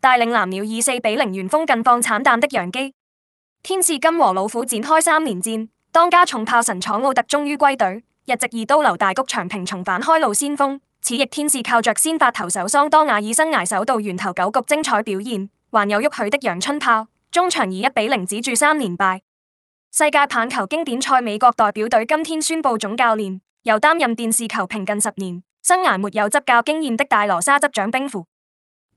帶領藍鳥以四比零完封近況慘淡的洋基，天使今和老虎展開三連戰，當家重炮神闖奧特終於歸隊，日籍二刀流大谷翔平重返開路先鋒，此役天使靠着先發投手桑多瓦爾生涯首度完投九局精彩表現，還有鬱許的陽春炮，終場以一比零止住三連敗。世界棒球經典賽美國代表隊今天宣布總教練，由擔任電視球評近十年、生涯沒有執教經驗的戴羅沙執掌兵符。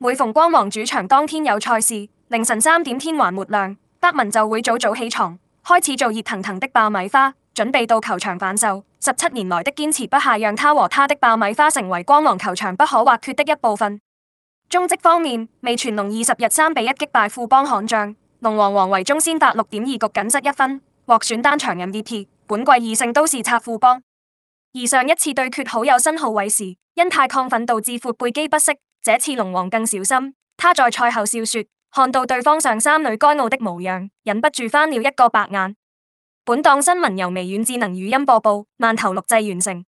每逢光芒主場當天有賽事，凌晨三點天還沒亮，德文就會早早起床，開始做熱騰騰的爆米花，準備到球場販售。十七年來的堅持不懈，讓他和他的爆米花成為光芒球場不可或缺的一部分。中職方面，味全龍二十日三比一擊敗富邦悍將，龍王王維中先發六點二局僅失一分，獲選單場 MVP。本季二勝都是拆富邦，而上一次對決好友申皓瑋時，因太亢奮導致闊背肌不適。這次龍王更小心，他在賽後笑說：看到對方上三裏該傲的模樣，忍不住翻了一個白眼。本檔新聞由微軟智能語音播報，慢頭錄製完成。